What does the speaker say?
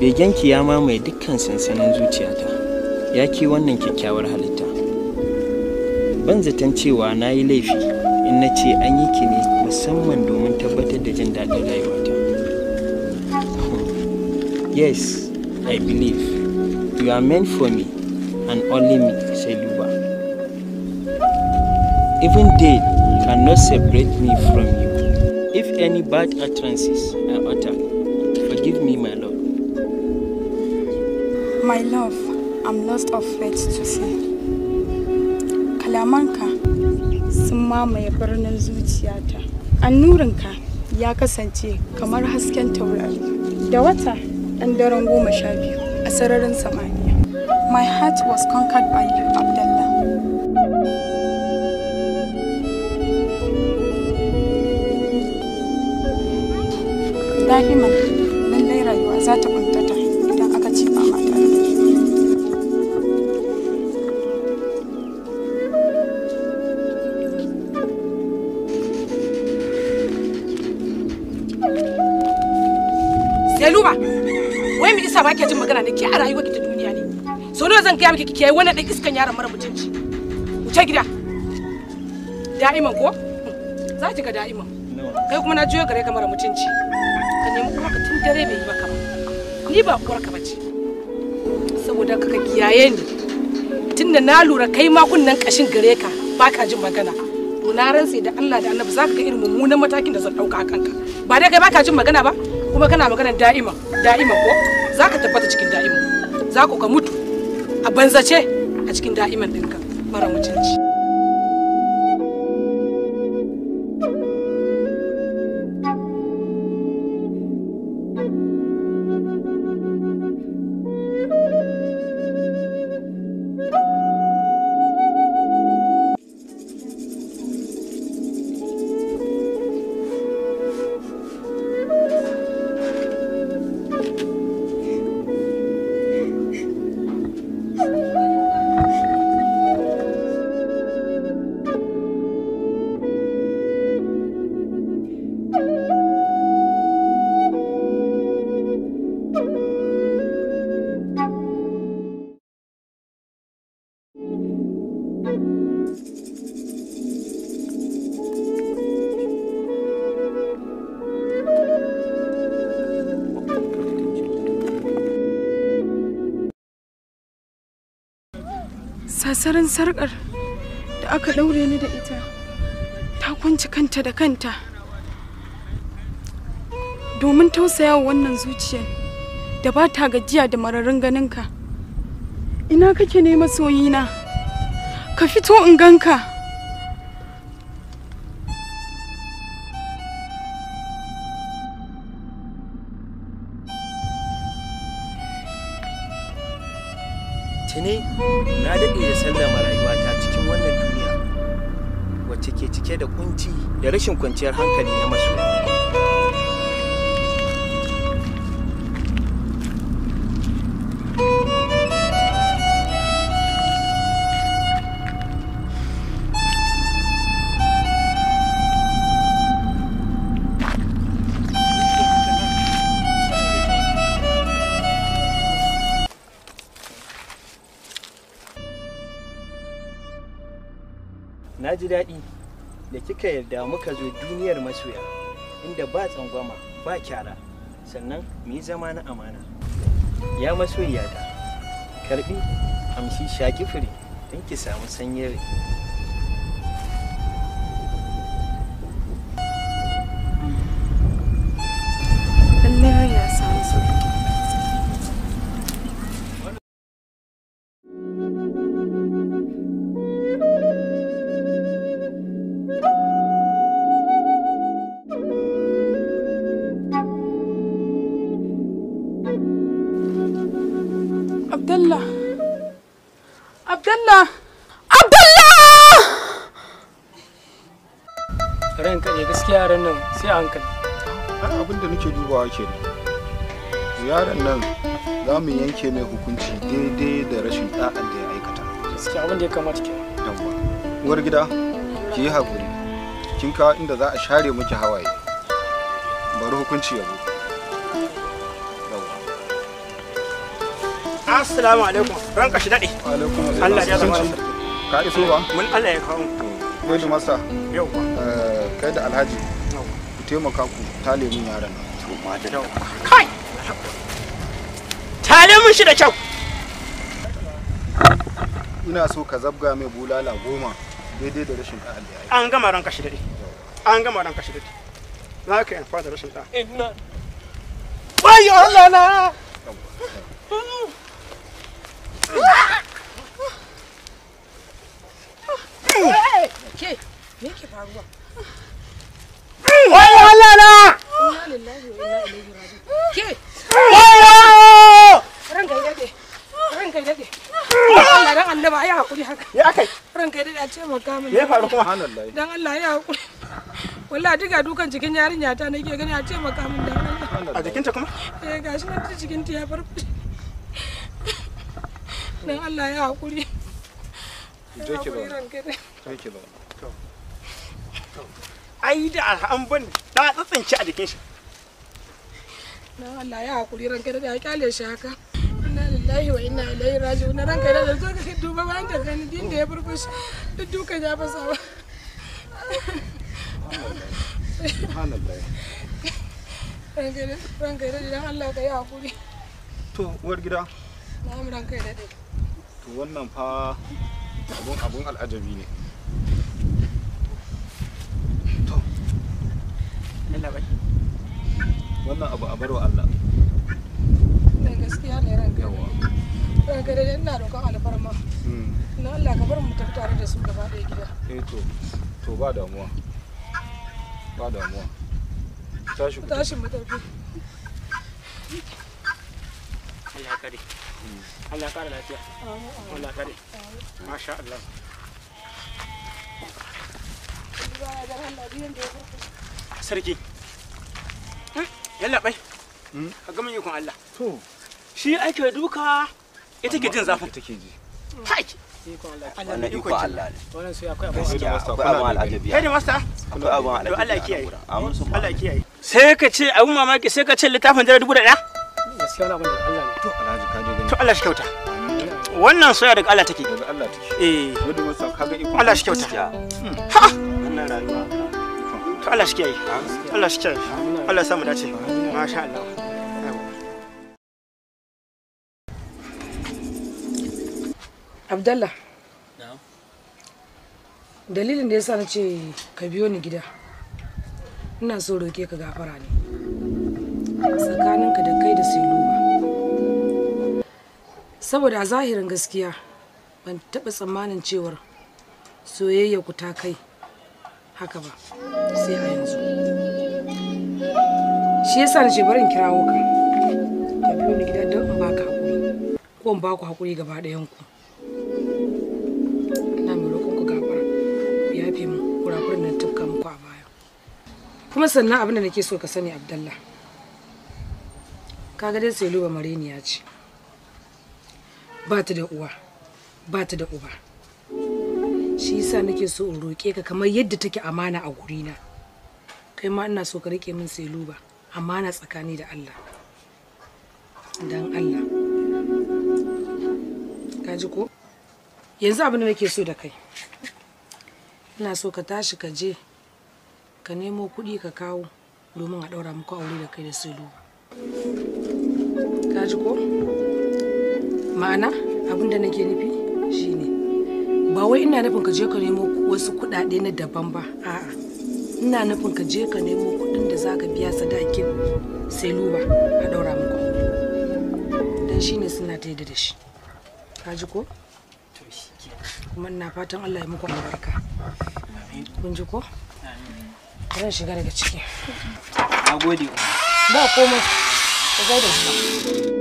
begenki ya mamaye dukkan sansanin zuciyata ya ki wannan kyakkyawar halitta ban zaton cewa na yi laifi in na ce an yi ki ne musamman domin tabbatar da jin daɗin rayuwata yes i believe you are meant for me and only me sai luba even death cannot separate me from you if any bad utterances are uttered My love, I'm lost of faith to say. Kalamanka sun mamaye birnin zuciyata. Annurinka ya kasance kamar hasken taurari. Da wata ɗan daren goma sha biyu a sararin samaniya. My heart was conquered by you, Abdullah. Dahima, lallai rayuwa za ta Lailuba, wai mi isa ba ke jin magana ne ke a rayuwar ki ta duniya ne. So nawa zan gaya miki kike yi wannan dan iskan yaran mara mutunci. Wuce gida. Da'iman ko? Za ki ga da'iman. Kai kuma na juyo gare ka mara mutunci. Ka nemi kuma ka tun dare bai yi maka ba. Ni ba uwar ka bace. Saboda ka ka kiyaye ni. Tunda na lura kai ma kunnan kashin gare ka ba ka jin magana. To na rantsi da Allah da Annabi za ka ga irin mummunan matakin da zan dauka a kanka. Ba dai kai ba ka jin magana ba? kuma kana maganar da'ima da'ima ko za ka tabbata cikin da'ima za ku ka mutu a banzace a cikin da'iman ɗinka mara mutunci sasarin sarƙar da aka ɗaure ni da ita ta kunci kanta da kanta domin tausaya wa wannan zuciyar da ba ta gajiya da mararin ganinka ina kake ne masoyina ka fito in ganka na daɗe da sallama rayuwata cikin wannan duniya wacce ke cike da kunci da rashin kwanciyar hankali na masoya na ji daɗi da kika yarda muka zo duniyar masoya inda ba tsangwama ba kyara sannan mu yi zama na amana ya masoyiya ta karbi amshi shaki fure don ki samu sanyin rai Abdallah! Abdullah! Ranka ne gaskiya ran nan sai a hankali. Ai abin da nake dubawa ne. Ziyarar nan za mu yanke mai hukunci daidai da rashin ɗa'an da ya aikata. Gaskiya abin da ya kamata ke. Uwar gida, ki yi haƙuri. Kin kawo inda za a share miki hawaye. Bari hukunci ya zo. Assalamu alaikum. Ranka shi dade. Alaikum Allah ya zama Ka iso ba? Mun Allah ya kawo. Yau masa. Yau ba. Eh, kai da Alhaji. Ku taimaka ku tale mun yaran. To ma da Kai. Tale mun shi da kyau. Ina so ka zabga mai bulala goma daidai da rashin ɗan aliyai. An gama ranka shi dade. An gama ranka shi dade. Za ka yi fa da rashin ka. Inna. Wayo Allah na. Me ke faruwa? Wai Allah na! wa Ke! Wai! Ranka ya Ranka ya Allah dan hakuri haka. Ya kai. Ranka ya faru kuma? Dan Allah ya hakuri. Wallahi diga dukan yarinya ta nake gani a ce maka mun Allah. A kuma? Eh gashi ta ya farfashe. Dan Allah ya hakuri. Je ki ba. Je ki ba. ai da alhamban da tsatsin shi a jikin shi na Allah ya hakuri ranka da kyale shi haka inna lillahi wa inna ilaihi raji'un ranka da zo ka duba bayan ka gani din da ya burbush duk duka ya fasa ba ranka da ranka da Allah ka yi hakuri to uwar gida na'am ranka da to wannan fa abun abun al'ajabi ne wannan abu a baro Allah da eh, gaskiya ne ran yawa ran da ina roƙon alfarma hmm. na Allah ka bar mu tafi tare da su gaba ɗaya gida eh to to ba damuwa ba damuwa tashi tashi mu tafi Allah kare hmm. Allah kare lafiya Allah kare masha Allah Allah ya Allah sarki hmm, yalla bai hmm? ka ga mun yi kun Allah to shi ake duka ya take jin zafin take ji iko Allah ne wannan masta akwai Allah ya kiyaye Allah ka ce mamaki sai ka ce littafin dubu to Allah shi kyauta wannan soya daga Allah take Allah eh. to Allah shi kiyaye Allah shi Allah samu dace masha Allah Abdallah dalilin da ya sa na ce ka biyo ni gida ina so roke ka gafara ne tsakaninka da kai da seluba saboda zahirin gaskiya ban taɓa tsammanin cewar soyayya ku ta kai haka ba sai a yanzu shi yasa na ce bari in kirawo ka ka biyo ni gida don in ba ka haƙuri ko in ku haƙuri gaba ɗayan ku ina mai roƙon ku gafara ya fi mu kurakurin na tafka muku a baya kuma sannan abin da nake so ka sani abdallah ga dai sai luba mareniya ce ba ta da uwa ba ta da uba shi yasa nake so in roƙe ka kamar yadda take amana a gurina kai ma ina so ka rike min ba amma na tsakani da Allah dan Allah ka ji ko yanzu abin da nake so da kai ina so ka tashi ka je ka nemo kuɗi ka kawo domin a ɗaura muku aure da kai da sai ka ji ko ma'ana abin da nake nufi shine ba wai ina nufin ka je ka nemo wasu kuɗaɗe na daban ba a'a ina nufin ka je ka nemo kuɗin da za ka biya sadakin sai luba a ɗaura muku dan shi ne suna ta da shi ka ji ko kuma ina fatan allah ya muku albarka kun ji ko ran shiga daga ciki na gode ba komai ka da shi